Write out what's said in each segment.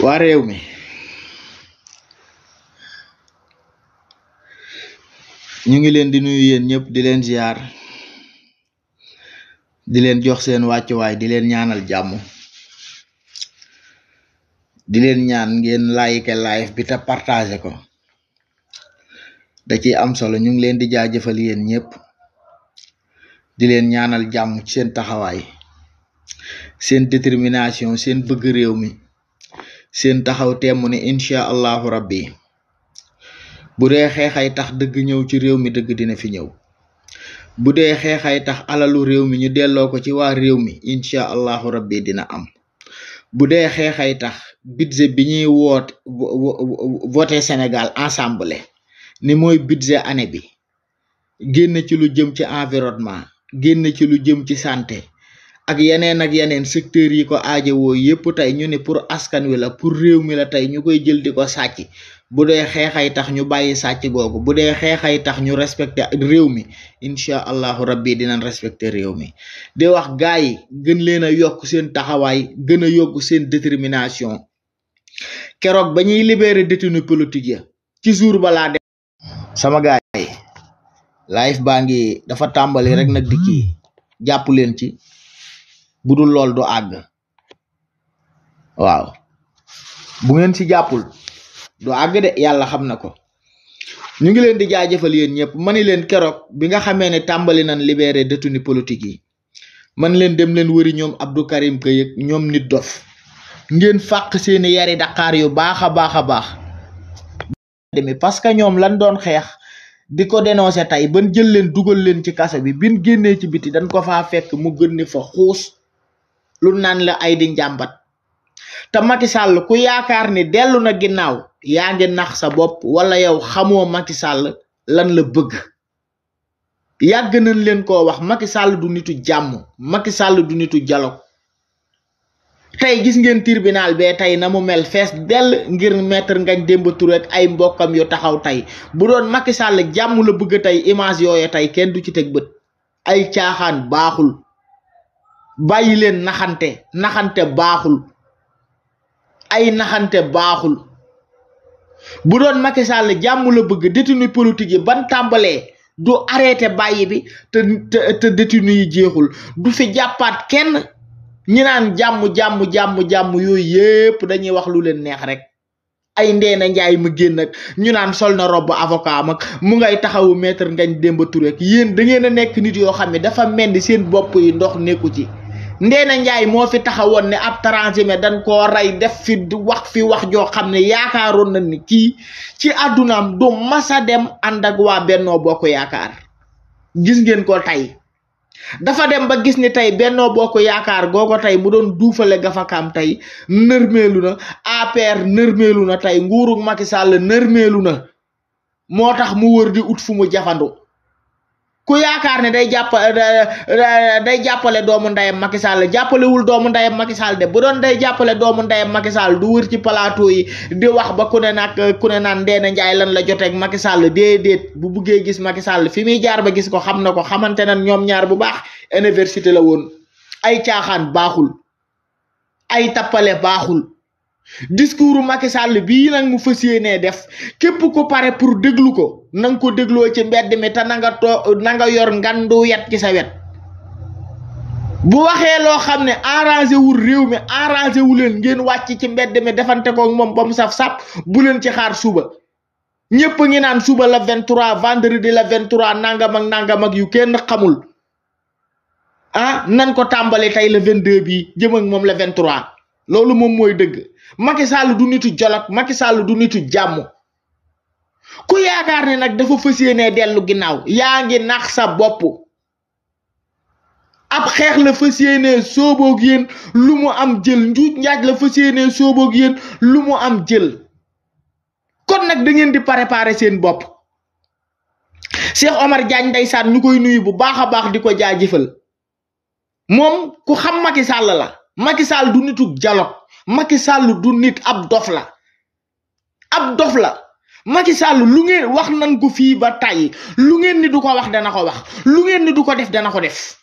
waa réew mi ñu ngi leen di nuyu yéen ñëpp di leen ziar di leen jox seen wàccuwaay di leen ñaanal jàmm di leen ñaan ngeen like live bi te ko da ci am solo ñu ngi leen di jaajëfal yéen ñëpp di leen ñaanal jàmm ci seen taxawaay seen détermination seen bëgg réew mi seen taxaw temm ne incha allahu rabbi bu dee xeexay tax dëgg ñëw ci réew mi dëgg dina fi ñëw bu dee xeexay tax alalu réew mi ñu delloo ko ci waa réew mi incha allahu rabbi dina am bu dee xeexay tax budget bi ñuy woot voté Sénégal ensemble ni mooy budget année bi génn ci lu jëm ci environnement génn ci lu jëm ci santé ak yeneen ak yeneen secteurs yi ko aajowoo yépp tey ñu ni pour askan wi la pour réew mi la tey ñu koy jël di ko sàcc bu dee xeexay tax ñu bàyyi sàcc googu bu dee xeexay tax ñu respecté réew mi incha allahu rabbi dinan respecter réew mi di wax gaay yi gën leen a yokk seen taxawaay gën a yokk seen détermination keroog ba ñuy libéré détenu politique ya ci jour balaa de sama gaay yi live baa ngi dafa tàmbali rek nag di jàpp leen ci bu dul lool du àgg waaw bu ngeen ci jàppul du àgg de yàlla xam na ko ñu ngi leen di jaajëfal yéen ñëpp ma ni leen keroog bi nga xamee ne tàmbali nañ libéré détenu politique yi man leen dem leen wëri ñoom Abdou Karim Gueye ñoom nit dof ngeen fàq seeni yari daqaar yu baax a baax a baax demee parce que ñoom lan doon xeex di ko dénoncé tey ban jël leen dugal leen ci kaso bi bin génnee ci biti dañ ko fa fekk mu gën ni fa xuus lu naan la ay di njàmbat te Macky Sall ku yaakaar ni dellu na ginnaaw yaa ngi nax sa bopp wala yow xamoo Macky Sall lan la bëgg yàgg nañ leen ko wax Macky Sall du nitu jàmm Macky Sall du nitu dialogue tey gis ngeen tirbinal bee tey na mu mel fees dell ngir Maître Ngagne Demba Touré ak ay mbokkam yu taxaw tey bu doon Macky Sall jàmm la bëgg tey image yooyu tey kenn du ci teg bët ay caaxaan baaxul bàyyi leen naxante naxante baaxul ay naxante baaxul bu doon Macky Sall jàmm la bëgg détenu politique yi ban tàmbalee du arrêté bàyyi bi te te te yi jeexul du fi jàppaat kenn ñi naan jàmm jàmm jàmm jàmm yooyu yépp dañuy wax lu leen neex rek ay ndeena njaay ma génn ak ñu naan sol na robb avocat mag mu ngay taxawu maître Ngagne dembatu rek ak yéen da ngeen a nekk nit yoo xam ne dafa mel ni seen bopp yi ndox nekku ci Ndeena Njaay moo fi taxawoon ne ab me dañ koo rey def fi wax fi wax joo xam ne yaakaaroon na ni kii ci àddunaam du masa dem ànd ak waa Bennoo Bokk Yaakaar gis ngeen ko tey dafa dem ba gis ni tey Bennoo Bokk Yaakaar googo tey mu doon duufale gafakaam tey nërmeelu na APR nërmeelu na tey nguurug Macky Sall nërmeelu moo tax mu wër di ut fu mu jafandu ku yaakaar ne day jàpp euh, euh, euh, jàppale doomu ndeyam Macky Sall jàppalewul doomu ndeyam Macky Sall de bu doon day jàppale doomu ndeyam Macky Sall du wër ci plateau yi di wax ba ku ne nag ku ne naan Ndeena Ndiaye lan la joteeg Macky Sall déedéet bu buggee gis Macky Sall fi muy jaar ba gis ko xam na ko xamante nan ñoom ñaar bu baax université la woon ay caaxaan baaxul ay tappale baaxul discours Macky Sall bii nag mu fas def képp ko pare pour déglu ko na nga ko dégloo ci mbedd mi ta na nga too na nga yor ngandu yet ci sawet bu waxee loo xam ne arrangé wul réew mi arrangé wu leen ngeen wàcc ci mbedd mi defante ko moom ba mu saf sap bu leen ci xaar suba ñëpp ngi naan suba la 23 vendredi la 23 nangam ak nanga mag yu kenn xamul ah nan ko tàmbali tey le 22 bi jëm ak moom la 23 loolu moom mooy dëgg Macky Sall du nitu jolot Macky Sall du nitu jàmm. ku yaakaar ne nag dafa fas yéenee dellu ginnaaw yaa ngi nax sa bopp ab xeex la fas yéenee sooboog yéen lu mu am jël njuuj njaaj la fas sooboog yéen lu mu am jël kon nag da ngeen di préparer seen bopp Cheikh Omar Diagne ndeysaan ñu koy nuyu bu baax a baax di ko jaajëfal moom ku xam Macky la Macky Sall du nitu dialogue Macky Sall du nit ab dof la ab dof la Macky Sall lu ngeen wax nan ko fii ba tàyyi lu ngeen ni du ko wax dana ko wax lu ngeen ni du ko def dana ko def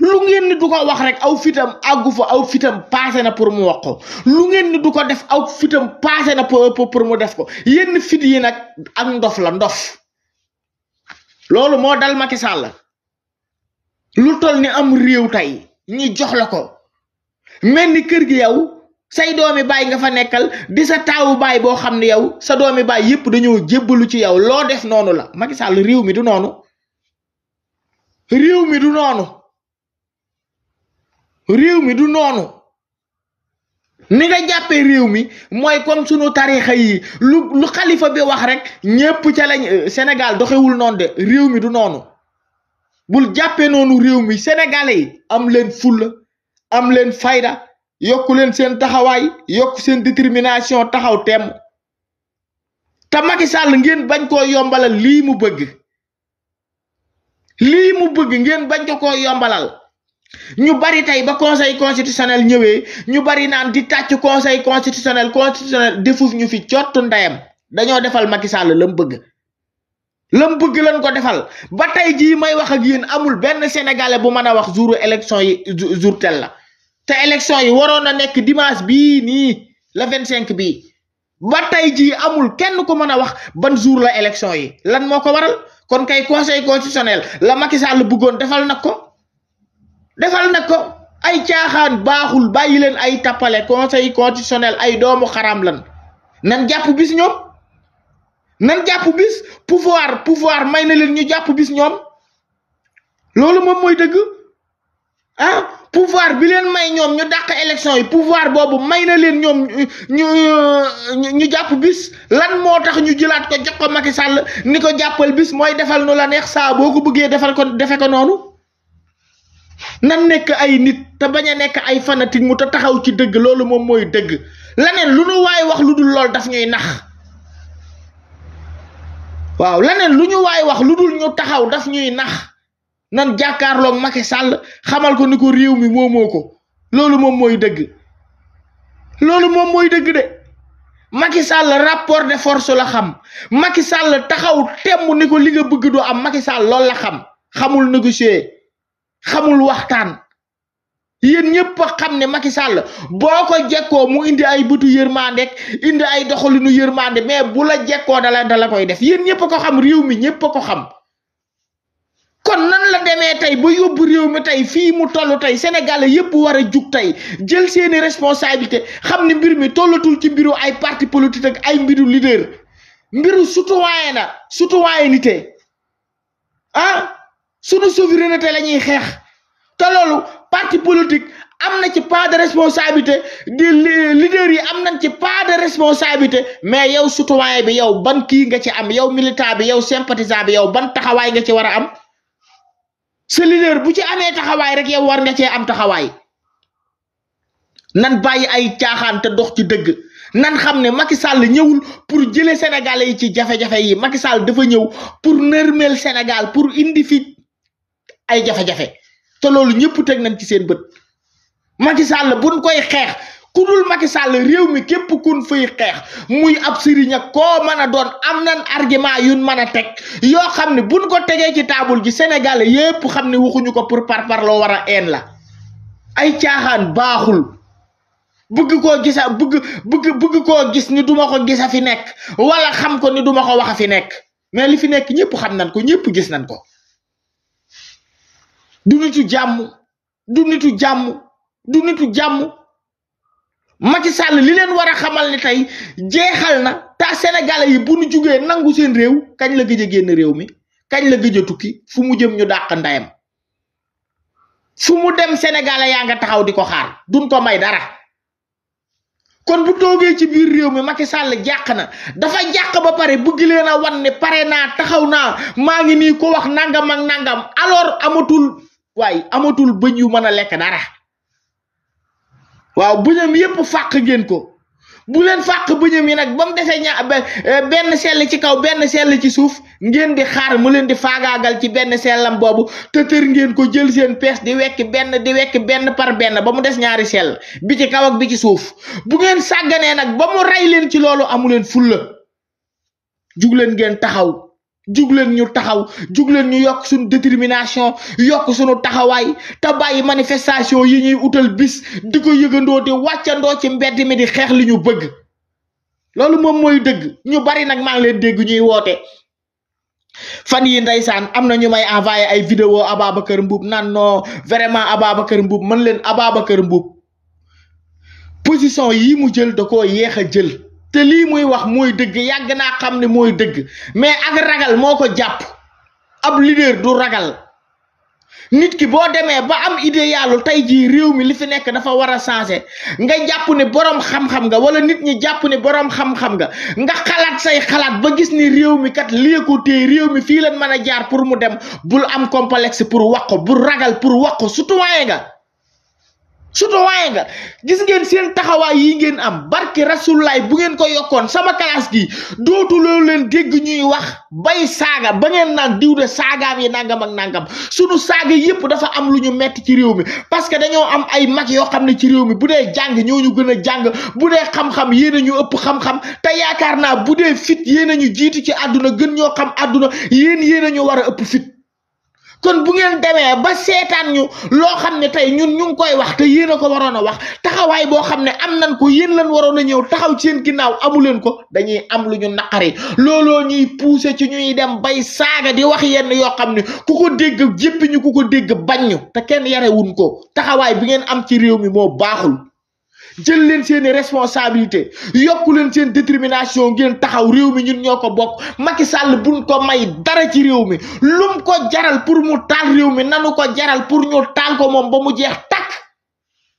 lu ngeen ni du ko wax rek aw fitam àggu fa aw fitam paase na pour mu wax ko lu ngeen ni du ko def aw fitam paase na pour mu def ko yenn fit yi nag am ndof la ndof loolu moo dal Macky Sall lu toll ni am réew tey ñi jox la ko mel ni kër gi yow say doomi baay nga fa nekkal di sa taawu baay boo xam ne yow sa doomi baay yëpp dañoo jébbalu ci yow loo def noonu la Macky Sall réew mi du noonu réew mi du noonu réew mi du noonu ni nga jàppee réew mi mooy comme sunu tarixa yi bi wax rek ñépp ca lañ euh, doxewul noonu de réew mi du noonu bul jàppee noonu réew mi sénégalais yi am leen fulla am leen fayda yokku leen seen taxawaay yokk seen détermination taxaw temm te Macky Sall ngeen bañ koo yombalal lii mu bëgg lii mu bëgg ngeen bañ ko koo yombalal ñu bari tey ba conseil constitutionnel ñëwee ñu bari naan di tàcc conseil constitutionnel constitutionnel defuf ñu fi cottu ndeyam dañoo defal Macky Sall la mu bëgg la bëgg lañ ko defal ba tey jii may wax ak yéen amul benn sénégalais bu mën a wax jouru élection yi jour tel la te élection yi waroon na nekk dimanche bii nii la vingt cinq bi ba tey jii amul kenn ku mën a wax ban jour la élection yi lan moo ko waral kon kay conseil constitutionnel la Macky Sall bëggoon defal nag ko defal nag ko ay caaxaan baaxul bàyyi leen ay tappale conseil conditionnel ay doomu xaram lan nan jàpp bis ñoom nan jàpp bis pouvoir poufoir may na leen ñu jàpp bis ñoom loolu moom mooy dëgg ah pouvoir bi leen may ñoom ñu dàq élection yi pouvoir boobu may na leen ñoom ñu ñu jàpp bis lan moo tax ñu jëlaat ko jox ko Macky Sall ni ko jàppal bis mooy defal nu la neex saa boo ko bëggee defal ko defe ko noonu nan nekk ay nit te bañ a nekk ay fanatique mu te taxaw ci dëgg loolu moom mooy dëgg laneen lu nu waay wax lu dul lool daf ñuy nax waaw laneen lu ñu waay wax lu dul ñu taxaw daf ñuy nax nan jàkkaarloog Macky Sall xamal ko ni ko réew mi moomoo ko loolu moom mooy dëgg loolu moom mooy dëgg de Macky Sall rapport de force la xam Macky Sall taxaw temm ni ko li nga bëgg du am Macky Sall loolu la xam xamul négocier xamul waxtaan yéen ñëpp xam ne Macky Sall boo ko jekkoo mu indi ay bëtu yërmande indi ay doxalinu yërmande mais bu la jekkoo dala dala koy def yéen ñëpp ko xam réew mi ñëpp a ko xam kon nan la demee tey ba yóbbu réew mi tey fii mu toll tey sénégalais yëpp war a jug tey jël seeni responsabilité xam ne mbir mi tollatul ci mbiru ay parti politique ay mbiru leader mbiru citoyen na citoyenneté ah sunu souveraineté la ñuy xeex te loolu parti politique am na ci pas de responsabilité di leader yi am nañ ci pas de responsabilité mais yow citoyen bi yow ban kii nga ci am yow militant bi yow sympathisant bi yow ban taxawaay nga ci war a am sa bu ci amee taxawaay rek yow war nga cee am taxawaay nan bàyyi ay caaxaan te dox ci dëgg nan xam ne Macky Sall ñëwul pour jëlee Sénégalais yi ci jafe-jafe yi Macky Sall dafa ñëw pour nërmeel Sénégal pour indi fi ay jafe-jafe te loolu ñëpp teg nañ ci seen bët Macky Sall buñ koy xeex. ku dul Macky réew mi képp kun fay xeex muy ab sëriñ koo mën a doon am nan argument yuñ mën a teg yoo xam ne buñ ko tegee ci taabul ji Sénégalais yépp xam ne waxuñu ko pour par par loo war a een la ay caaxaan baaxul bugg ko gisa bëgg bëgg bëgg ko gis ni duma ko gisa fi nekk wala xam ko ni duma ko wax a fi nekk mais li fi nekk ñëpp xam nañ ko ñëpp gis nañ ko du nitu jàmm du nitu jàmm du nitu jàmm Macky sàll li leen war a xamal ni tey jeexal na ta Sénégalais yi bu ñu jugee nangu seen réew kañ la gëj a génn réew mi kañ la gëj a tukki fu mu jëm ñu dàq ndayam fu mu dem Sénégalais yaa nga taxaw di ko xaar duñ ko may dara kon bu toogee ci biir réew mi Macky sàll jàq na dafa jàq ba pare bu leen a wan ne pare naa taxaw naa maa ngi nii ko wax nangam ak nangam alors amatul waaye amatul bëñ yu mën a lekk dara. waaw bu bëñam yépp fàq ngeen ko bu leen bu ñëm yi nag ba mu defee ña eh, benn sell ci kaw benn sell ci suuf ngeen di xaar mu leen di faagaagal ci benn sellam boobu te tër ngeen ko jël seen pees di wekk benn di wekk benn par benn ba mu des ñaari sell bi ci kaw bi ci suuf bu ngeen sàgganee nag ba mu rey leen ci loolu amu leen fulla jug leen ngeen taxaw jug leen ñu taxaw jug ñu yokk suñu détermination yokk suñu taxawaay te bàyyi manifestation yi ñuy utal bis di yëgandoo di wàccandoo ci mbedd mi di xeex li ñu bëgg loolu moom mooy dëgg ñu bari nag maa ngi leen dégg ñuy woote. fan yi ndeysaan am na ñu may envoyé ay vidéo kër Mboup nan noo vraiment Ababacar Mboup mën leen Ababacar Mboup position yi mu jël da koo yéex a jël. te lii muy wax mooy dëgg yàgg naa xam ne mooy dëgg mais ak ragal moo ko jàpp ab leader du ragal nit ki boo demee ba am idéalu tey jii réew mi li fi nekk dafa war a changer nga jàpp ne boroom xam-xam nga wala nit ñi jàpp ne boroom xam-xam nga nga xalaat say xalaat ba gis ni réew mi kat lii ko téye réew mi fii lañ mën a jaar pour mu dem bul am complexe pour wax ko bul ragal pour wax ko citoyen nga surtout waaye nga gis ngeen seen taxawaay yi ngeen am barki rasulaay bu ngeen ko yokkoon sama classe gi dootu loolu leen dégg ñuy wax bay saaga ba ngeen naan diw de saagaam yi nangam ak nangam sunu saaga yépp dafa am lu ñu metti ci réew mi parce que dañoo am ay mag yoo xam ne ci réew mi bu dee jàng ñoo ñu gën a jàng bu dee xam-xam yéen ñu ëpp xam-xam te yaakaar naa bu dee fit yéen a ñu jiitu ci àdduna gën ñoo xam àdduna yéen yéen a ñu war a ëpp fit kon bu ngeen demee ba seetaan ñu loo xam ne tey ñun ñu ngi koy wax te yéen a ko waroon a wax taxawaay boo xam ne am nañ ko yéen lañ waroon a ñëw taxaw ci yéen ginnaaw amu leen ko dañuy am lu ñu naqari looloo ñuy poussé ci ñuy dem bay saaga di wax yenn yoo xam ne ku ko dégg jéppi ñu ku ko dégg bañ ñu te kenn yarewuñ ko taxawaay bi ngeen am ci réew mi moo baaxul jël leen seen i responsabilité yokku leen seen détermination ngeen taxaw réew mi ñun ñoo ko bokk Macky sàll buñ ko may dara ci réew mi lum ko jaral pour mu taal réew mi nanu ko jaral pour ñu taal moom ba mu jeex takk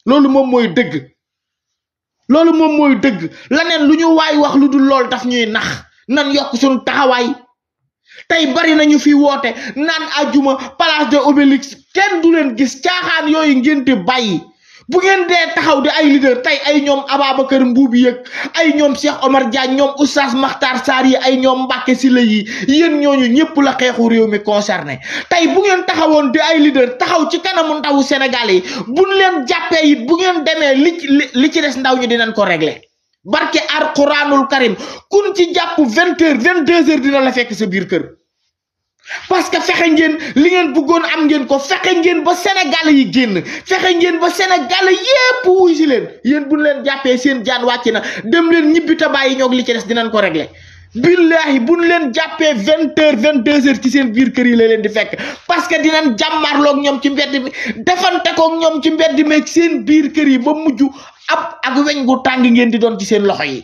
loolu moom mooy dëgg loolu moom mooy dëgg laneen lu ñu waay wax lu dul lool daf ñuy nax nan yokk suñu taxawaay tey bari nañu fi woote naan ajuma place de Obélix kenn du leen gis caaxaan yooyu ngeen di bàyyi bu ngeen dee taxaw di ay leader tey ay ñoom kër Mbuub yëg ay ñoom Cheikh Omar Diagne ñoom Oustaz Makhtar Sarr yi ay ñoom si Sylla yi yéen ñooñu ñëpp la xeexu réew mi concerné tey bu ngeen taxawoon di ay leader taxaw ci kanamu ndawu Sénégal yi buñ leen jàppee it bu ngeen demee li li ci des ndaw ñu dinañ ko régler barke ar Quraanul Karim kun ci jàpp vingt heures vingt deux heures dina la fekk sa biir kër parce que fexe ngeen li ngeen bëggoon am ngeen ko fexe ngeen ba Sénégal yi génn fexe ngeen ba Sénégal yépp wuy si leen yéen buñ leen jàppee seen jaan wàcc na dem leen ñibbi tabaay yi ñoog li ci des dinañ ko régler billahi buñ leen jàppee vingt heures vingt deux heures ci seen biir kër yi la leen di fekk parce que dinañ jàmmarloog ñoom ci mbedd mi defante kook ñoom ci mbedd meeg seen biir kër yi ba mujj ab ak weñ gu tàng ngeen di doon ci seen loxo yi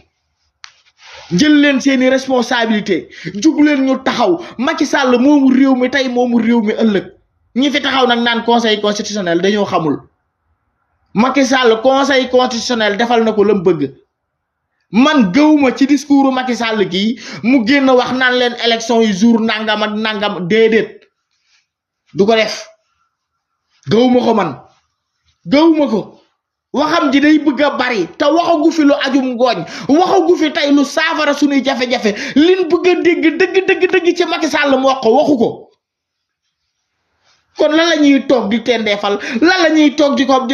jël leen seeni responsabilité jug leen ñu taxaw Macky Sall moomu réew mi tey moomu réew mi ëllëg ñi fi taxaw nag naan conseil constitutionnel dañoo xamul Macky Sall conseil constitutionnel defal na ko lam bëgg man gëwuma ci discours maki Sall gii mu génn wax naan leen élection yu jour nangam ak nangam déedéet du ko def gëwuma ko man gëwuma ko waxam ji day bëgg a bari te waxagu fi lu ajum ngooñ waxagu fi tey lu saafara suñuy jafe-jafe liñ bëgg dégg dëgg dëgg ci Macky Sall mu wax ko waxu ko kon lan la ñuy toog di tendeefal lan la ñuy toog di ko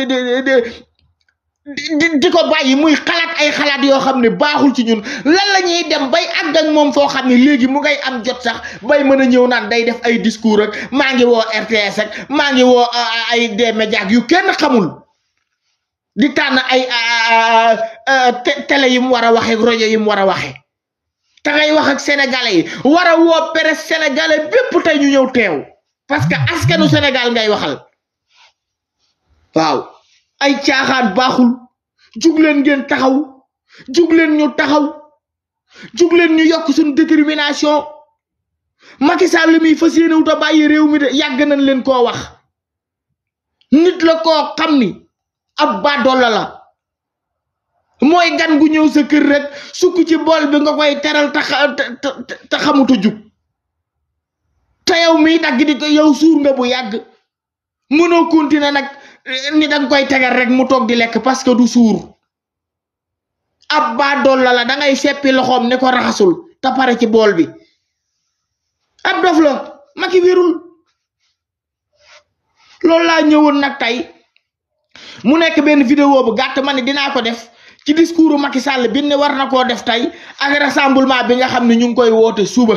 di ko bàyyi muy xalaat ay xalaat yoo xam ne baaxul ci ñun lan la ñuy dem bay àgg ak moom foo xam ne léegi mu ngay am jot sax bay mën a ñëw naan day def ay discours ak maa ngi woo RTS ak maa ngi woo ay des médias yu kenn xamul. di tànn ay ah, ah, ah, télé yi mu war a waxee rajo yi mu war a waxee te ngay wax ak sénégalais yi war a woo presse sénégalais bépp tey ñu ñëw teew parce que askanu Sénégal ngay waxal waaw ay caaxaan baaxul jugleen ngeen taxaw jugleen ñu taxaw jugleen ñu yokk suñu détermination Macky Sall li muy fas yéene wut réew mi de yàgg nañ leen koo wax nit la koo xam ni ab baadoolo la mooy gan gu ñëw sa kër rek sukk ci bool bi nga koy teral tax ta xamuta jug te yow miy dagg di ko yow suur nga bu yàgg mënoo continuer nag eh, ni danga koy tegal rek mu toog di lekk parce que du suur ab baadoolo la da ngay seppi loxoom ne ko raxasul te pare ci bool bi ab dof la maki wérul loolu laa ñëwoon nag tey mu nekk benn vidéo bu gàtt ma ne dinaa ko def ci discours Macky Sall bi ne war na koo def tey ak rassemblement bi nga xam ne ñu ngi koy woote suba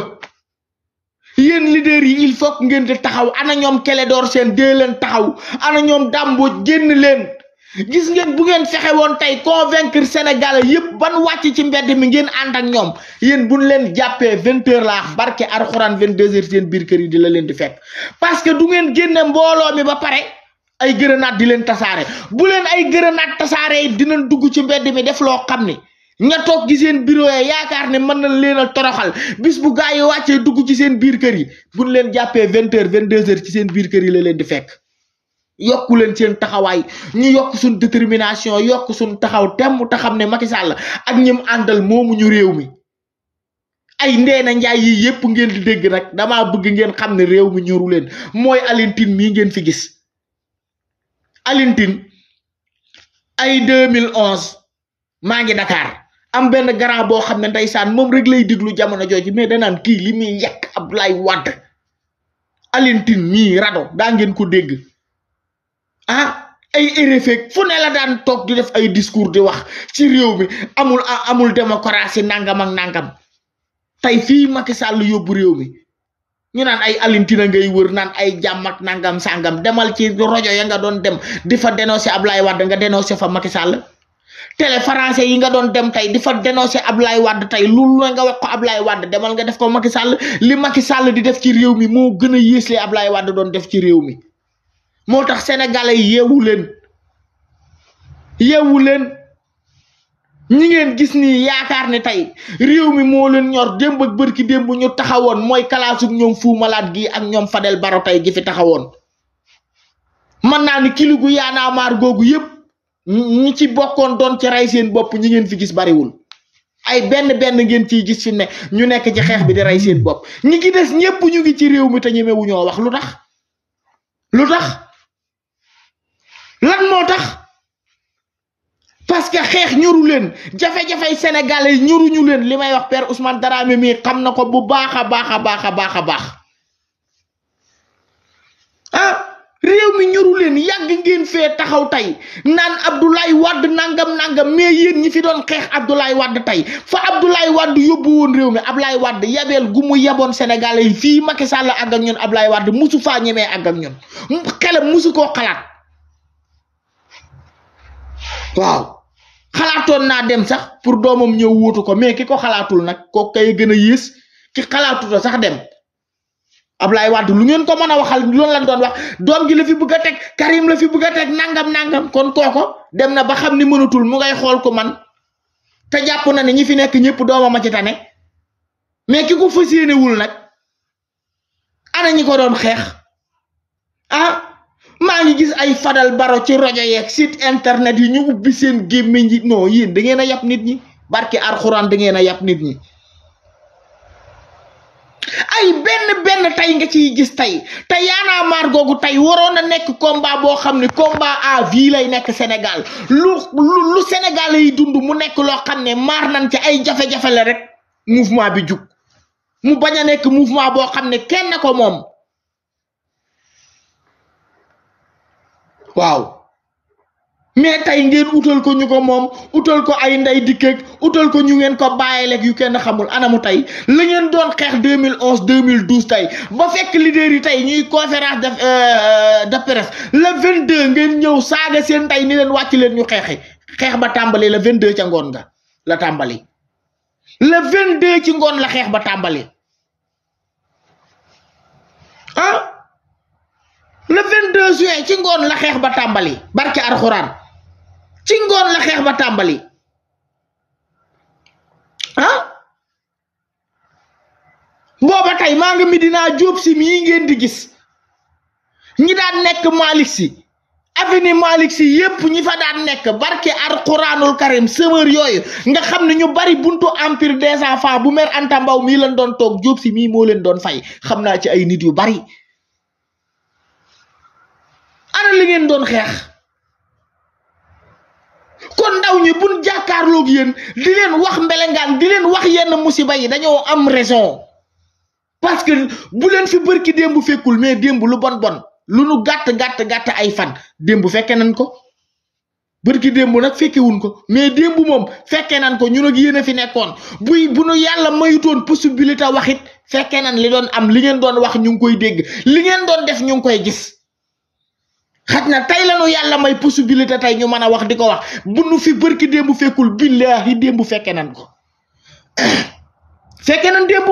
yéen leaders yi il faut ngeen di taxaw ana ñoom Clédor Sène dee leen taxaw ana ñoom Dàmbo génn leen gis ngeen bu ngeen fexe woon tey convaincre Sénégalais yëpp ban wàcc ci mbedd mi ngeen ànd ak ñoom yéen bu leen jàppee vingt heures laax barke alxuraan vingt deux heures seen biir kër yi la leen di fekk parce que du ngeen génne mbooloo mi ba pare. ay grenade di leen tasaare bu leen ay grenade tasaare it dinañ dugg ci mbedd mi def loo xam ni ña toog ci seen bureau ya yaakaar ne mën nañ leen a toroxal bis bu gaa yi wàccee dugg ci seen biir kër yi buñ leen jàppee vingt heures vingt deux heures ci seen biir kër yi la leen di fekk yokku leen seen taxawaay ñu yokk suñ détermination yokk suñ taxaw temm te xam ne Macky Sall ak ñim àndal moomu ñu réew mi ay ndeena njaay yi yépp ngeen di dégg nag dama bëgg ngeen xam ne réew mi leen mooy Alioune Tine ngeen fi gis Alintine ay 2011 maa ngi dakaar am benn grand boo xam ne ndeysaan moom rek lay diglu jamono jooju mais danaan kii li muy yekk Abdoulaye Wade alintin mii rado daa ngeen ko dégg ah ay érefeeg fu ne la daan toog di def ay discours di wax ci réew mi amul amul démocratie nangam ak nangam tey fii Macky Sall yóbbu réew mi ñu naan ay alintina ngay wër naan ay jàmm ak nangam sàngam demal ci rojo ya nga doon dem di fa dénoncé Ablaye Wade nga dénoncé fa Macky Sall télé français yi nga doon dem tey di fa dénoncé Ablaye Wade tey lu la nga wax ko Ablaye Wade demal nga def ko Macky Sall li Macky Sall di def ci réew mi moo gën a yées li Ablaye Wade doon def ci réew mi moo tax sénégalais yeewu leen yeewu leen. ñi ngeen gis nii yaakaar ne tey réew mi moo leen ñor démb ak bërki démb ñu taxawoon mooy kalaasug ñoom fu malaat gi ak ñoom Fadel Baro tey gi fi taxawoon man naa ni kiligu yaanaamaar googu yëpp ñi ci bokkoon doon ci rey seen bopp ñi ngeen fi gis bariwul ay benn benn ngeen ciy gis fi ne ñu nekk ci xeex bi di rey seen bopp ñi ki des ñëpp ñu ngi ci réew mi te ñoo wax lu tax lu tax lan moo tax parce que xeex ñoru leen jafe-jafey sénégalais ñuruñu leen li may wax père Ousmane Darame mii xam na ko bu baax a baax a baax a baax a baax ah réew mi ñuru leen yàgg ngeen fee taxaw tey naan Abdoulaye Wade nangam nangam mais yéen ñi fi doon xeex Abdoulaye Wade tey fa Abdoulaye Wade yóbbu woon réew mi ablaay Wade yabeel gu mu yeboon sénégalais yi fii Macky Sall àgg ak ñun Abdoulaye Wade musu faa ñemee àgg ak ñun xelam musu koo xalaat waaw xalaatoon naa dem sax pour doomam ñëw wuutu ko mais ki ko xalaatul nag kooku kay gën a yées ki xalaatuta sax dem Ablaye Wade lu ngeen ko mën a waxal loolu lañ doon wax doom gi la fi bëgg a teg Karim la fi bugg a teg nangam nangam kon kooko dem na ba xam ni mënatul mu ngay xool ko man te jàpp na ne ñi fi nekk ñëpp doomam a ci tane mais ki ko fas nag ana ñi ko doon xeex ah maa ngi gis ay Fadel Baro ci rajo yeeg site internet yi ñu ubbi seen gémmiñ yi non da ngeen a yàpp nit ñi barki arxuraan da ngeen a yàpp nit ñi ay benn benn tey nga ciy gis tey te yaanaa maar googu tey waroon a nekk combat boo xam ne combat à vie lay nekk Sénégal lu lu Sénégal yi dund mu nekk loo xam ne maar nañ ci ay jafe-jafe la rek mouvement bi jug mu bañ a nekk mouvement boo xam ne kenn ko moom waaw mais tey ngeen utal ko ñu ko moom utal ko ay ndey dikkeeg utal ko ñu ngeen ko bàyyileeg yu kenn xamul anamu tey la ngeen doon xeex mille mille 2012 tey ba fekk leader yi tey ñuy conférence de euh, euh, de presse le 22 ngeen ñëw saaga seen tey ni leen wàcc leen ñu xeexi xeex ba tàmbali le 22 ca ngoon nga la tàmbali le ci ngoon la xeex ba tàmbali ah! le 22 juin ci ngoon la xeex ba tàmbali barke alxuraan ci ngoon la xeex ba tàmbali ah booba tey maa ngi Medina jóob si mii ngeen di gis ñi daan nekk Malick si avenue Malick si yépp ñi fa daan nekk barke alxuraanul karim semeur yooyu nga xam ne ñu bari buntu empire des enfants bu mer Anta Mbaw mii leen doon toog jóob si mii moo leen doon fay xam naa ci ay nit yu bari ana li ngeen doon xeex kon ndaw ñi buñ jàkkaarloog yéen di leen wax mbelengaan di leen wax yenn musiba yi dañoo am raison parce que bu leen fi bërki démb fekkul mais démb lu bon bon lu nu gàtt gàtt gàtt ay fan démb fekke nañ ko bërki démb nag fekkewuñ ko mais démb moom fekkee nañ ko ñun ak yéen fi nekkoon buy bu nu yàlla mayutoon possibilité waxit fekkee nañ li doon am li ngeen doon wax ñu ngi koy dégg li ngeen doon def ñu ngi koy gis xaj na tey lañu yàlla may possibilité tey ñu mën a wax di ko wax bu nu fi bërki démb fekkul billaahi démb fekke nan ko fekke nan démb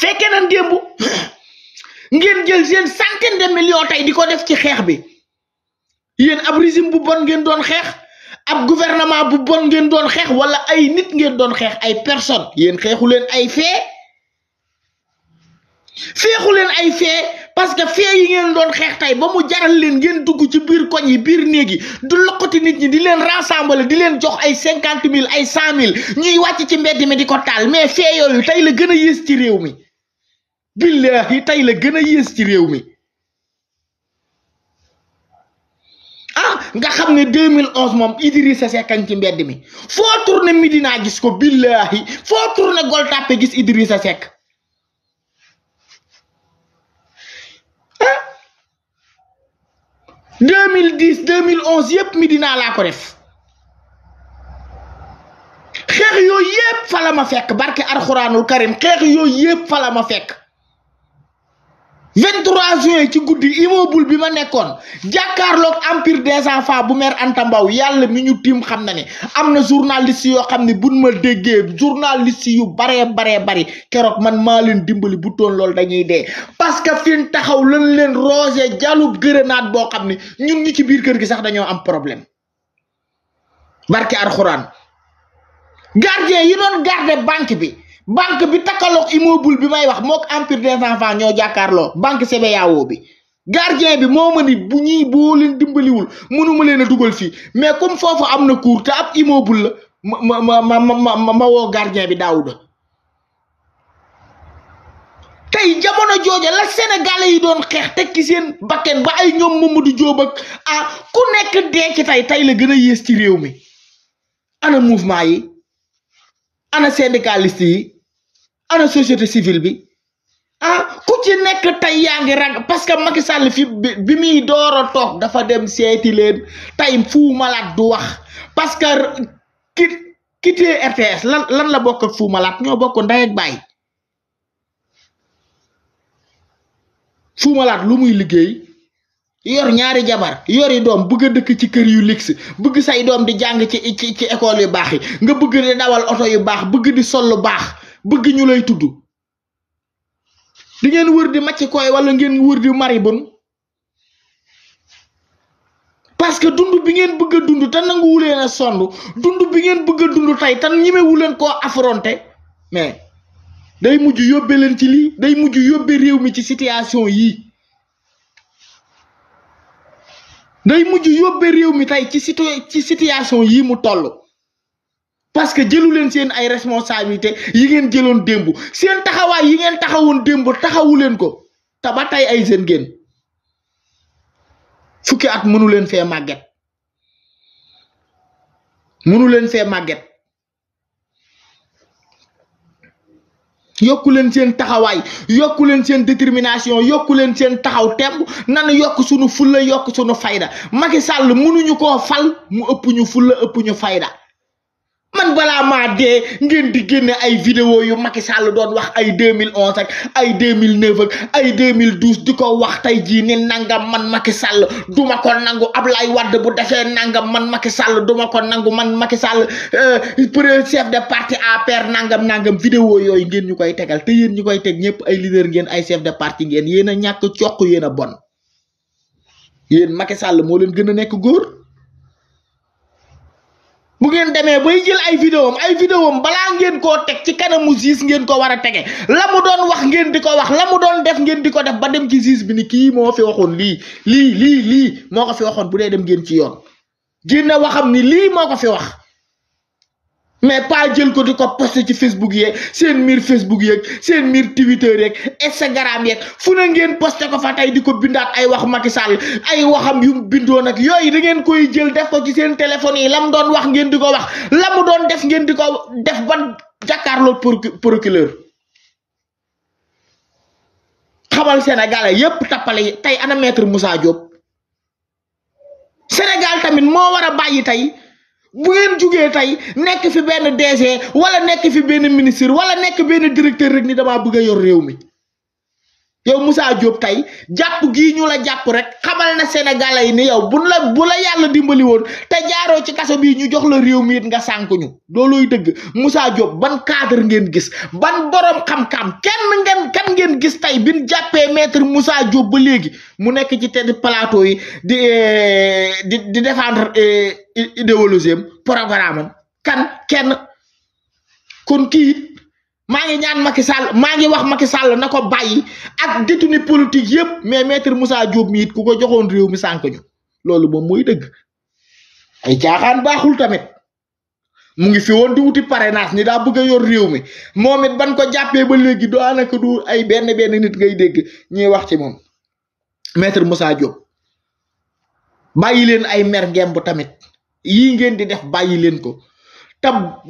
fekke nan démb ngeen jël seen centaine de millions tey di ko def ci xeex bi yéen ab régime bu bon ngeen doon xeex ab gouvernement bu bon ngeen doon xeex wala ay nit ngeen doon xeex ay personne yéen xeexu leen ay fee féexu leen ay fee parce que fee yi ngeen doon xeex tey ba mu jaral leen ngeen dugg ci biir koñ yi biir néeg yi du lokkati nit ñi di leen rassembler di leen jox ay cinquante mille ay cent mille ñuy wàcc ci mbedd mi di ko taal mais fee yooyu tey la gën a yées ci réew mi billahi tey la gën a yées ci réew mi ah nga xam ne 2011 moom Idrissa Seck a ngi ci mbedd mi foo mi dina gis ko billahi foo tourné Gueule Tapée gis Idrissa Seck 2010 2011 yëpp Medina laa ko def xeex yooyu yëpp fa la ma fekk barke alxuraanul karim xeex yooyu yëpp fa la ma fekk 23 juin ci guddi immeuble bi ma nekkoon jàkkaarloog empire des enfants bu maire Anta yàlla mi ñu tiim xam na ne am na journaliste yoo xam ne buñ ma déggee journaliste yu baree baree bari keroog man maa leen dimbali bu toon loolu dañuy dee parce que fi taxaw lañ leen roosé jalub grenade boo xam ne ñun ñi ci biir kër gi sax dañoo am problème barke alxuraan gardien yi doon garder banque bi banque bi takkaloog immeuble bi may wax mook empire des enfants ñoo jàkkaarloo banque CBAO bi gardien bi moo ma ni bu ñuy boo leen dimbaliwul mënuma leen a dugal fii mais comme foofu am na cour te ab immeuble la ma ma ma ma woo gardien bi daawuda tey jamono jooja la sénégalais yi doon xeex tekki seen bakken ba ay ñoom Mamadou Diop ak ah ku nekk dee ci tey tey la gën a yées ci réew mi ana mouvement yi ana syndicaliste yi ana société civile bi ah ku ci nekk tey yaa ngi rag parce que Macky Sall fi bi muy door a toog dafa dem seeti leen tey Fou du wax parce que ki quitté RTS lan la bokk ak Fou ñoo bokk ndey ak baay Fou lu muy liggéey yor ñaari jabar yori doom bëgg a dëkk ci kër yu luxe bëgg say doom di jàng ci ci ci école yu baax yi nga bëgg di dawal oto yu baax bëgg di sol lu baax bëgg ñu lay tudd di ngeen wër di macc kooy wala ngeen wër di mari bon parce que dund bi ngeen bëgg a dund te nangu leen a sonn dund bi ngeen bëgg a dund tey te ñime wuleen koo affronté mais day mujj yóbbe leen ci lii day mujj yóbbe réew mi ci situation yi day mujj yóbbe réew mi tey ci situ ci situation yi mu toll parce que jëlu leen seen ay responsabilité yi ngeen jëloon démb seen taxawaay yi ngeen taxawoon démb taxawu leen ko te ba tey ay seen ngeen fukki at mënu leen fee màgget mënu leen fee màgget yokku leen seen taxawaay yokku leen seen détermination yokku leen seen taxaw temb nanu yokk sunu fulla yokk sunu fayda Macky Sall mënuñu ko fal mu ëpp ñu fulla ëpp ñu fayda balaa maa dee ngeen di génne ay vidéo yu Macky Sall doon wax ay 2011 ak ay 2009 ak ay 2012 di ko wax tey jii ni nangam man Macky Sall du ma ko nangu Ablaye wadd bu defee nangam man Macky Sall du ma ko nangu man Macky Sall euh, premier chef de parti per nangam nangam vidéo yooyu ngeen ñu koy tegal te yéen ñu koy teg ñëpp ay leader ngeen ay chef de parti ngeen yéen a ñàkk coq yéen a bon yéen Macky Sall moo leen gën a nekk góor. bu ngeen demee bay jël ay vidéo am ay vidéo am balaa ngeen koo teg ci kanamu gis ngeen ko war a tege la mu doon wax ngeen di ko wax la mu doon def ngeen di ko def ba dem ci gis bi ni kii moo fi waxoon lii lii lii lii moo ko fi waxoon bu dee dem ngeen ci yoon génne waxam ni lii moo ko fi wax mais pas jël ko di ko posté ci Facebook yeeg seen miir Facebook yeeg seen miir Twitter yeeg Instagram yeeg fu na ngeen posté ko fa tey di ko bindaat ay wax Macky Sall ay waxam yu bindoon ak yooyu da ngeen koy jël def ko ci seen téléphone yi la mu doon wax ngeen di ko wax la mu doon def ngeen di ko def ban jàkkaarloo procureur xamal Sénégalais yépp tappale tey ana maître Moussa Diop Sénégal tamit moo war a bàyyi tey. bu ngeen jugee tey nekk fi benn DG wala nekk fi benn ministre wala nekk benn directeur rek ni damaa bëgg a yor réew mi yow Moussa jóob tey jàpp gii ñu la jàpp rek xamal na Sénégalais yi ni yow bu la bu yàlla dimbali woon te jaaroo ci kaso bii ñu jox la réew mi nga sànk ñu loolooy dëgg Moussa jóob ban cadre ngeen gis ban borom xam-xam kenn ngeen kan ngeen gis tey bin jàppee maître Moussa jóob ba léegi mu nekk ci tedd plateau yi di eh, di di défendre eh, idéologie am programme am kan kenn kon kii. maa ngi ñaan Macky Sall maa ngi wax Macky Sall na ko bàyyi ak détenu politique yëpp mais maître Moussa Diop mi it ku ko joxoon réew mi sànq ñu loolu moom mooy dëgg ay caaxaan baaxul tamit mu ngi fi woon di wuti parrainage ni daa bëgg a yor réew mi moom it ban ko jàppee ba léegi daanaka du ay benn benn nit ngay dégg ñuy wax ci moom maître Moussa Diop bàyyi leen ay mer ngemb tamit yii ngeen di def bàyyi leen ko te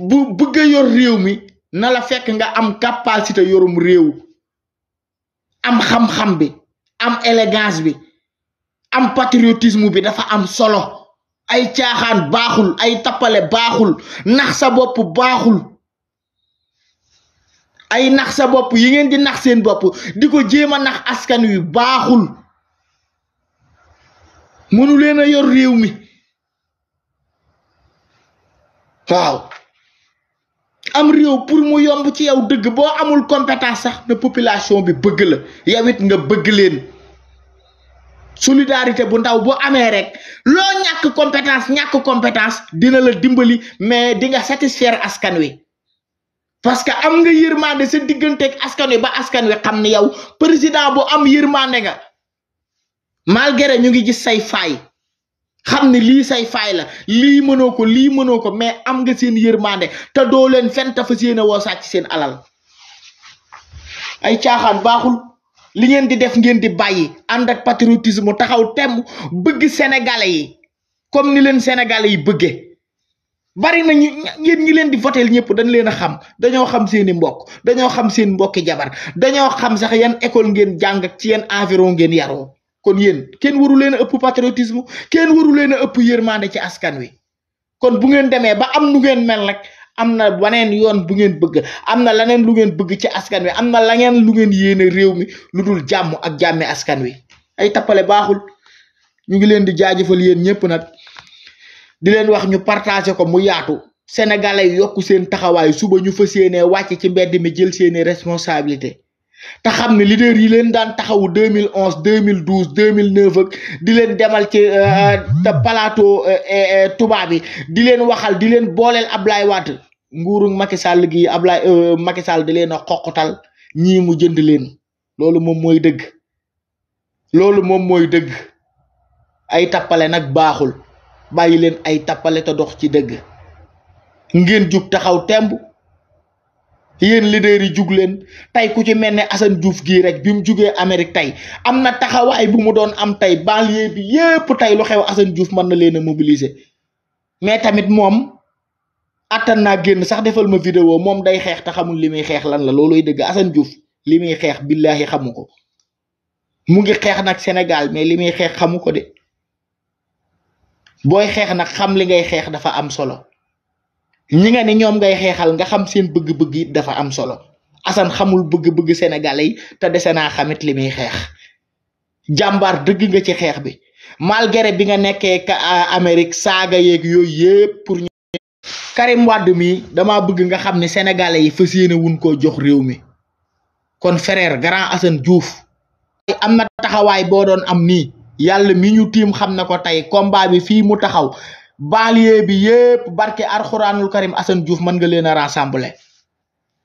bu bëgg a yor réew mi. na la fekk nga am capacité yorum réew am xam-xam bi am élégance bi am patriotisme bi dafa am solo ay caaxaan baaxul ay tappale baaxul nax sa bopp baaxul ay nax sa bopp yi ngeen di nax seen bopp di ko jéem a nax askan wi baaxul mënu leen a yor réew mi waaw am réew pour mu yomb ci yow dëgg boo amul compétence sax na population bi bëgg la yow nga bëgg leen solidarité bu ndaw boo amee rek loo ñàkk compétence ñàkk compétence dina la dimbali mais di nga satisfaire askan wi parce que am nga yërmande sa digganteeg askan wi ba askan wi xam ni yow président bu am yërmande nga malgré ñu ngi gis say faay xam ne lii say faay la lii mënoo ko lii mënoo ko mais am nga seen yërmande te doo leen fen ta woo sàcc seen alal ay caaxaan baaxul li ngeen di def ngeen di bàyyi ànd ak patriotisme taxaw temm bëgg sénégalais yi comme ni leen sénégalais yi bëggee bari na ngeen ñi leen di voteel ñëpp dañ leen a xam dañoo xam seeni mbokk dañoo xam seen mbokki jabar dañoo xam sax yan école ngeen jàng ci yan environ ngeen yaroo kon yéen kenn waru leen a ëpp patriotisme kenn waru leen a ëpp yërmande ci askan wi kon bu ngeen demee ba am nu ngeen mel nag am na baneen yoon bu ngeen bëgg am na laneen lu ngeen bëgg ci askan wi am na la ngeen lu ngeen yéene réew mi lu dul jàmm ak jàmme askan wi ay tappale baaxul ñu ngi leen di jaajëfal yéen ñëpp nag di leen wax ñu partagé ko mu yaatu sénégalais yokku seen taxawaay suba ñu fa yéenee wàcc ci mbedd mi jël seeni responsabilité te xam ne leader yi leen daan taxawu 2011 2012 2009 ak di leen demal ci euh, euh, plateau euh, tubaab yi di leen waxal di leen booleel Ablaye Wade nguuru Macky Sall gi Ablaye Macky Sall di leen a xoqatal ñii mu jënd leen loolu moom mooy dëgg loolu moom mooy dëgg ay tappale nag baaxul bàyyi leen ay tappale te dox ci dëgg ngeen jug taxaw temb yéen leader yi jug leen tey ku ci mel ne Assane Diouf gii rek bi mu jugee Amérique tey am na taxawaay bu mu doon am tey baal bi yépp tey lu xew Assane Diouf mën na leen a mobiliser mais tamit moom attan na génn sax defal ma vidéo moom day xeex te xamul li muy xeex lan la looloy dëgg Assane Diouf li muy xeex billaahi xamu ko mu ngi xeex nag senegal mais li muy xeex xamu ko de booy xeex nag xam li ngay xeex dafa am solo ñi nga ni ñoom ngay xeexal nga xam seen bëgg-bëgg it dafa am solo Assane xamul bëgg-bëgg sénégalais yi te dese naa xamit li muy xeex jàmbar dëgg nga ci xeex bi malgré bi nga nekkee ka Amérique saaga yeeg yooyu yëpp pour ñu. Karim mi dama bëgg nga xam ni sénégalais yi fas yéene wuñ koo jox réew mi kon frère grand Assane Diouf. am na taxawaay boo doon am nii yàlla mi ñu tiim xam na ko tey komba bi fii mu taxaw. banlieue bi yépp barke arxuraanul karim Assane Diouf mën nga leen a rassembler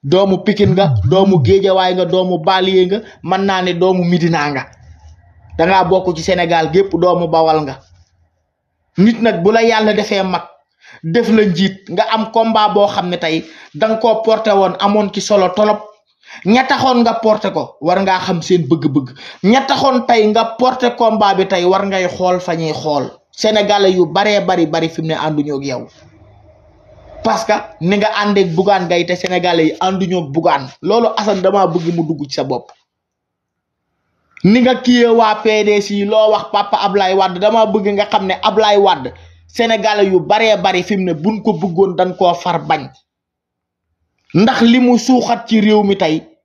doomu pikin nga doomu Géejawaay nga doomu banlieue nga mën naa ne doomu Midina nga dangaa bokk ci Sénégal gépp doomu Bawal nga nit nag bu la yàlla defee mag def la jiit nga am combat boo xam ne tey nga koo porté woon amoon ci solo tolop ña nga porté ko war ngaa xam seen bëgg-bëgg ña tey nga porté combat bi tey war ngay xool fa ñuy xool sénégalais yu baree bari bari fi mu ne ànduñook ak yow parce que ni nga àndeek bugaan gay te sénégalais yi ànduñoo ak bugaan loolu Assane damaa bëgg mu dugg ci sa bopp ni nga kiiyee waa PDS yi loo wax papa Ablaye Wade dama bëgg nga xam ne Ablaye Wade sénégalais yu baree bari fi mu ne buñ ko bëggoon dañ koo far bañ ndax li mu suuxat ci réew mi tey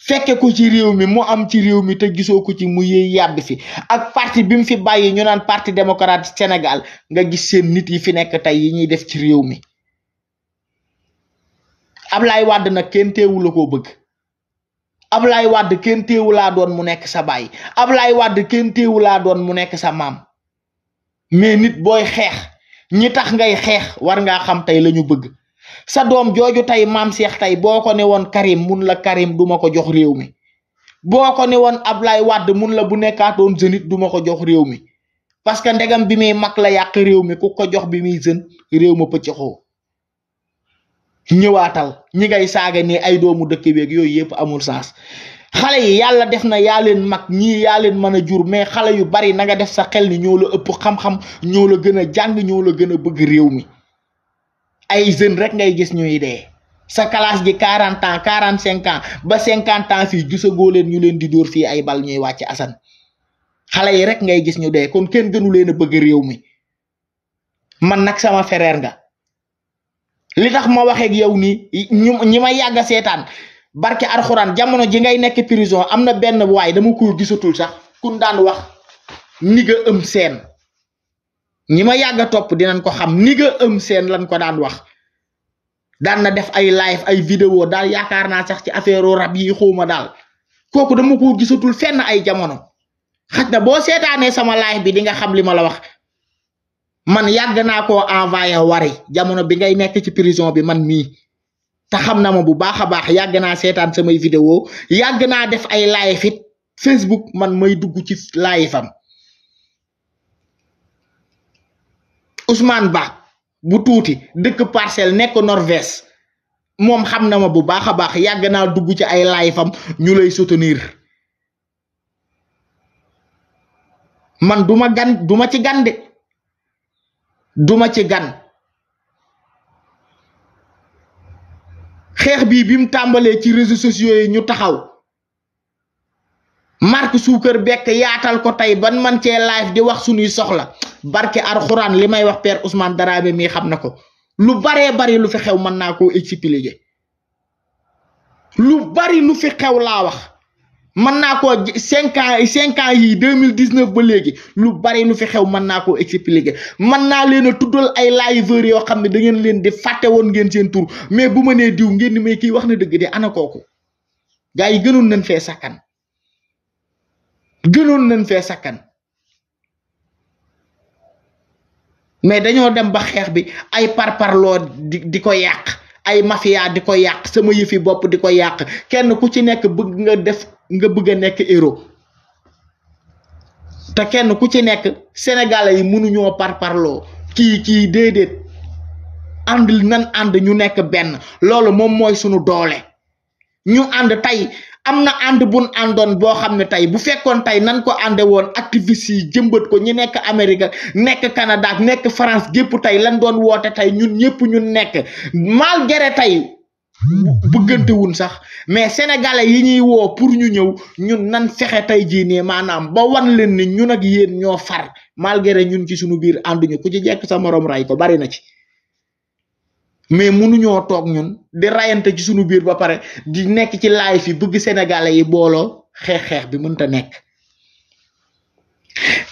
fekke ko ci réew mi mu am ci réew mi te gisoo ko ci mu yëy yàbbi fi ak parti bi mu fi bàyyi ñu naan parti démocrate senegal nga gis seen nit yi fi nekk tey yi ñuy def ci réew mi Ablaye Wade nag kenn teewu la koo bëgg Ablaye Wade kenn teewu laa doon mu nekk sa baay Ablaye Wade kenn teewu laa doon mu nekk sa maam mais nit booy xeex ñi tax ngay xeex war ngaa xam tey lañu bëgg sa doom jooju tey maam Cheikh tey boo ko ne woon Karim mun la Karim duma ko jox réew mi boo ko ne woon Ablaye Wade mun la bu nekkaatoon jeune it duma ko jox réew mi parce que ndegam bi muy mag la yàq réew mi ku ko jox bi mi jeune réew ma pëccëxoo ñëwaatal ñi ngay saaga ni ay doomu dëkk beeg yooyu yëpp amul sens xale yi yàlla def na yaa leen mag ñii yaa leen mën a jur mais xale yu bari na nga def sa xel ni ñoo la ëpp xam-xam ñoo la gën a jàng ñoo la gën a bëgg réew mi ay jeunes rek ngay gis ñuy dee sa classe ji quarante ans quarante cinq ans ba cinquante ans fii gisagoo leen ñu leen di dóor fii ay bal ñuy wàcc asan xale yi rek ngay gis ñu dee kon kenn gënu leen a bëgg réew mi man nag sama fereer nga li tax ma waxeeg yow nii ñu ñi ma yàgg a seetaan barke arxuraan jamono ji ngay nekk prison am na benn waay dama ko gisatul sax kun daan wax ni nga ëm seen ñi ma yàgg a topp dinañ ko xam ni nga ëm seen lañ ko daan wax daan na def ay live ay vidéo daal yaakaar naa sax ci affaire rab yi xawma daal kooku dama ko gisatul fenn ay jamono xaj na boo seetaanee sama live bi di nga xam li ma la wax man yàgg naa koo envoyé wari jamono bi ngay nekk ci prison bi man mii te xam na ma bu baax a baax yàgg naa seetaan samay vidéo yàgg naa def ay live it Facebook man may dugg ci live am Ousmane Ba bu tuuti dëkk parcelle nekk Norvège moom xam na ma bu baax a baax yàgg naa dugg ci ay laay fam ñu lay soutenir man duma gan duma ci gan de duma ci gan xeex bii bi tàmbalee ci réseaux sociaux yi ñu taxaw Mark bekk yaatal ko tey ban man cee live di wax suñuy soxla barke alxuraan li may wax Père Ousmane Darame mii xam na ko lu baree bari lu fi xew man naa koo expliquer lu bari lu fi xew laa wax mën naa koo cinq ans cinq yii deux mille dix neuf ba léegi lu bari lu fi xew mën naa koo expliquer mën naa leen a tuddal ay liveur yoo xam ne da ngeen leen di fàtte woon ngeen seen tur mais bu ma nee diw ngeen ni may kii wax na dëgg de ana kooku gaa yi gënoon nañ fee sakkan. gënoon nañ fee sakkan mais dañoo dem ba xeex bi ay parparloo di di ko yàq ay mafia di ko yàq sama yëfi bopp di ko yàq kenn ku ci nekk bëgg nga def nga bëgg a nekk héros te kenn ku ci nekk sénégalais yi mënuñoo parparloo kii kii déedéet ànd nan ànd ñu nekk benn loolu moom mooy sunu doole ñu ànd tey am na ànd bun àndoon boo xam ne tey bu fekkoon tey nan ko ànde woon activiste yi jëmbat ko ñi nekk Amérique nekk Canada nekk France gépp tey lan doon woote tey ñun ñëpp ñun nekk malgré tey bëggante wun sax mais sénégalais yi ñuy woo pour ñu ñëw ñun nan fexe tey jii nii maanaam ba wan leen ni ñun ak yéen ñoo far malgere ñun ci suñu biir ànduñu ku ci jekk sa morom ray ko bari na ci mais mënuñoo toog ñun di reyante ci suñu biir ba pare di nekk ci laay fi bëgg sénégalais yi mbooloo xeex-xeex bi mënta nekk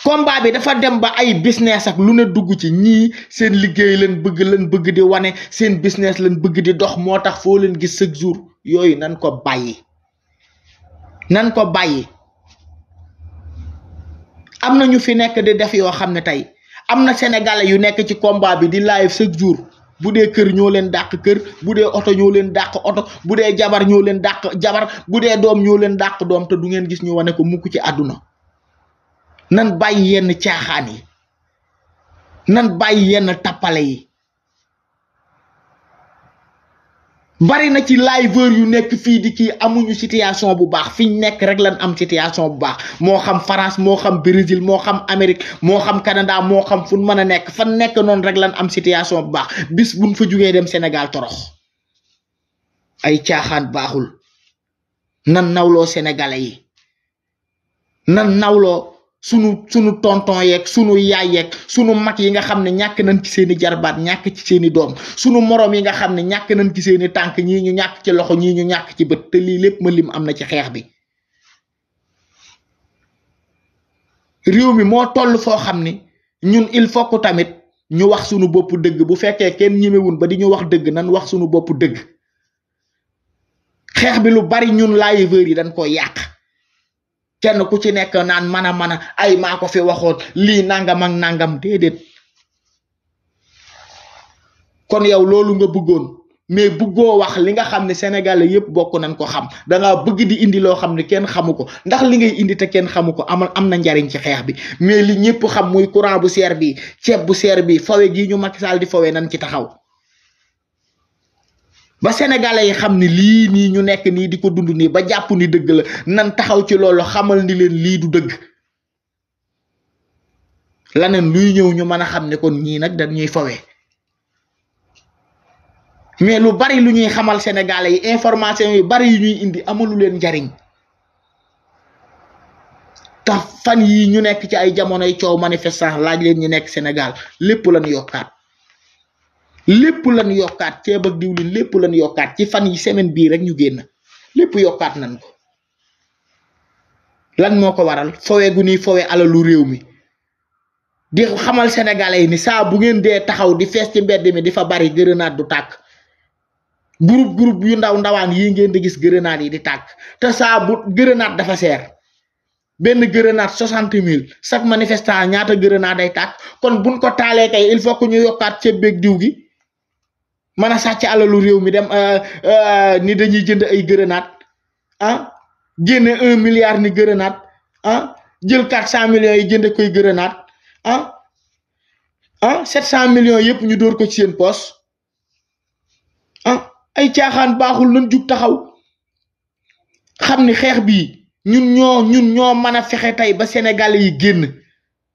combat bi dafa dem ba ay business ak lu ne dugg ci ñii seen liggéey leen bëgg leen bëgg di wane seen business leen bëgg di dox moo tax foo leen gis chaque jour yooyu nan ko bàyyi nan ko bàyyi am na ñu fi nekk di def yoo xam ne tey am na sénégalais yu nekk ci komba bi di live chaque jour bu dee kër ñoo leen dàq kër bu dee oto ñoo leen dàq oto bu dee jabar ñoo leen dàq jabar bu dee doom ñoo leen dàq doom te du ngeen gis ñu wane ko mukk ci àdduna nan bàyyi yenn caaxaan yi nan bàyyi yenn tappale yi bari na ci liveur yu nekk fii di kii amuñu situation bu baax fii ñu nekk rek lan am situation bu baax moo xam farance moo xam Brésil moo xam Amérique moo xam Canada moo xam fu mën a nekk fan nekk noon rek lan am situation bu baax bis buñ fa jugee dem Sénégal torox ay caaxaan baaxul nan nawloo sénégalais yi nan nawloo sunu sunu tonton yeeg sunu yaay yeeg sunu mag yi nga xam ne ñàkk nañ ci seen i jarbaat ñàkk ci seen doom sunu moroom yi nga xam ne ñàkk nañ ci seeni tànk ñii ñu ñàkk ci loxo ñii ñu ñàkk ci bët te lii lépp ma lim am na ci xeex bi réew mi moo toll foo xam ne ñun il faut que tamit ñu wax sunu bopp dëgg bu fekkee kenn ñemewun ba di ñu wax dëgg nan wax sunu bopp dëgg xeex bi lu bari ñun laay vër yi dañ ko yàq kenn ku ci nekk naan man a man a ay maa ko fi waxoon lii nangam ak nangam déedéet kon yow loolu nga bëggoon mais bëggoo wax li nga xam ne sénégalais yëpp bokk nañ ko xam dangaa bëgg di indi loo xam ne kenn xamu ko ndax li ngay indi te kenn xamu ko amal am na njariñ ci xeex bi mais li ñëpp xam muy courant bu seer bi ceeb bu seer bi fawe gi ñu Macky Sall di fawe nan ci taxaw ba sénégalais yi xam ne lii nii ñu nekk nii di ko dund nii ba jàpp ni dëgg la nan taxaw ci loolu xamal ni leen lii du dëgg laneen luy ñëw ñu mën a xam ne kon ñii nag dañuy fawee mais lu bari lu ñuy xamal sénégalais yi information yu bari yu ñuy indi amalu leen njariñ te fan yi ñu nekk ci ay jamonoy coow manifestant laaj leen ñu nekk Sénégal lépp la lañu yokkaat lépp lan yokkaat ceeb ak diwlin lépp lan yokkaat ci fan yi semaine bii rek ñu génn lépp yokkaat nan ko lan moo ko waral fowe gu ni fowe alalu réew mi di xamal sénégalais yi ni saa bu ngeen dee taxaw di fees ci mbedd mi di fa bari grenade du tàkk groupe groupe yu ndaw ndawaan yi ngeen di gis grenade yi di tàkk te saa bu grenade dafa seer benn grenade soixante mille chaque manifestant ñaata grenade ay tàkk kon buñ ko taalee kay il faut que ñu yokkaat ceeb beeg diw gi mën a sàcc alalu réew mi dem euh, euh, ni dañuy jënd ay grenade ah génne un milliard ni grenade ah jël quatre cent millions yi jënd koy grenade ah ah sept cent millions yëpp ñu dóor ko ci seen poos ah ay caaxaan baaxul nañ jug taxaw xam ni xeex bi ñun ñoo ñun ñoo mën a fexe tey ba Sénégal yi génn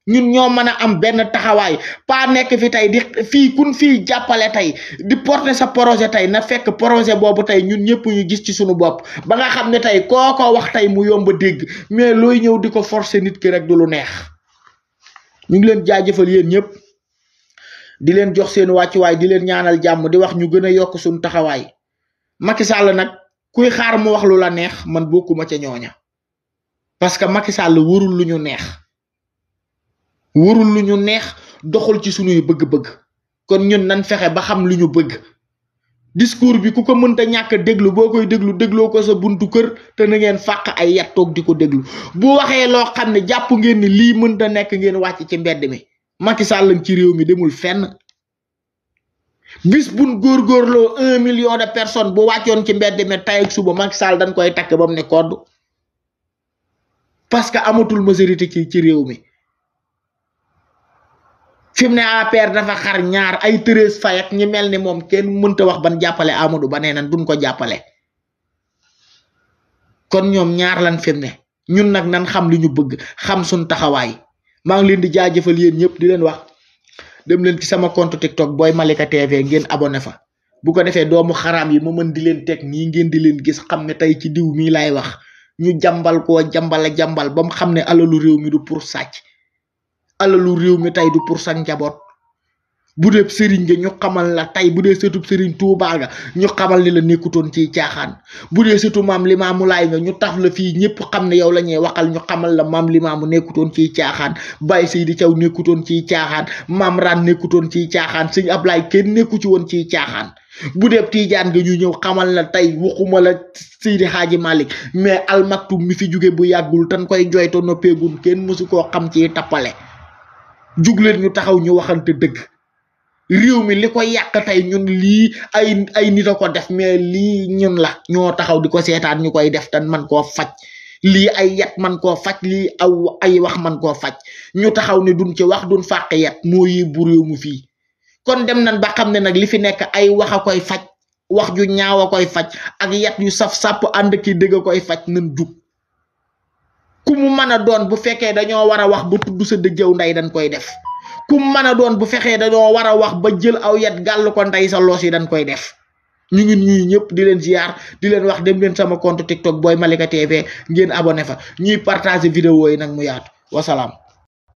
ñun ñoo mën a am benn taxawaay pa nekk fi tey di fii kun fii jàppale tey di porter sa projet tey na fekk projet boobu tey ñun ñëpp ñu gis ci suñu bopp ba nga xam ne tey koo ko wax tey mu yomb a dégg mais looy ñëw di ko forcer nit ki rek du lu neex ñu ngi leen jaajëfal yéen ñëpp di leen jox seen wàccuwaay di leen ñaanal jàmm di wax ñu gën a yokk suñu taxawaay Macky Sall nag kuy xaar mu wax lu la neex man bokkuma ca ñooña parce que Macky Sall warul lu ñu neex. warul lu ñu neex doxul ci suñuy bëgg-bëgg kon ñun nan fexe ba xam lu ñu bëgg discours bi ku ko mënta ñàkk déglu boo koy déglu dégloo ko sa buntu kër te na ngeen fàq ay yat toog di ko déglu bu waxee loo xam ne jàpp ngeen ni lii mënta nekk ngeen wàcc ci mbedd mi Macky Sall lañ ci réew mi demul fenn bun góor góorgóorloo un million de personne bu wàccoon ci mbedd mi tey ak suba Macky Sall dañ koy takk ba mu ne kodd parce que amatul majorité ci ci réew mi fi mu ne APR dafa xar ñaar ay Thérèse Faye ñi mel ni moom kenn mënta wax ban jàppale Amadou Ba nee nan duñ ko jàppale kon ñoom ñaar lan fi ne ñun nag nan xam li ñu bëgg xam suñ taxawaay maa ngi leen di jaajëfal yéen ñëpp di leen wax dem leen ci sama compte TikTok Boy Malika TV ngeen abonné fa bu ko defee doomu xaram yi ma mën di leen teg nii ngeen di leen gis xam ne tey ci diw mii laay wax ñu jàmbal koo jàmbala jàmbal ba mu xam ne alalu réew mi du pour sàcc alalu réew mi tey du pour sa njaboot bu dee sëriñ nga ñu xamal na tey bu dee sëtub sëriñ Tuubaa nga ñu xamal ni la nekkutoon ci caaxaan bu dee sëtu maam Limaamu Laay nga ñu taf la fii ñëpp xam ne yow la ñuy waxal ñu xamal la maam Limaamu nekkutoon ciy caaxaan Baye Seydi Thiaw nekkutoon ciy caaxaan maam Raan nekkutoon ci caaxaan sëñ Ablaay kenn nekku ci woon ci caaxaan bu dee tiijaan nga ñu ñëw xamal na tey waxuma la Seydi Xaaji Malik mais almaktum mi fi jóge bu yàggul tan koy jooyto noppeegul kenn mësu koo xam ci tappale jug leen ñu taxaw ñu waxante dëgg réew mi li ko yàq tey ñun lii ay ay nit ko def mais lii ñun la ñoo taxaw di ko seetaan ñu koy def tan man koo faj lii ay yat man koo faj lii aw ay wax man koo faj ñu taxaw ne duñ ci wax dun fàq yat moo yi bu réew mu fii kon dem nañ ba xam ne nag li fi nekk ay wax a koy faj wax ju ñaaw koy faj ak yat yu saf sàpp ànd ki dëgg a koy faj nan jug ku mu mën a doon bu fekkee dañoo war a wax ba tudd sa dëjëw nday dañ koy def kum mu mën a doon bu fexee dañoo war a wax ba jël aw yat gàll ko ndey sa loos yi dañ koy def ñu ngi ñuy ñëpp di leen ziar di leen wax dem leen sama compte TikTok booy Malika TV ngeen abonné fa ñuy partager vidéo yi nag mu yaatu wasalaam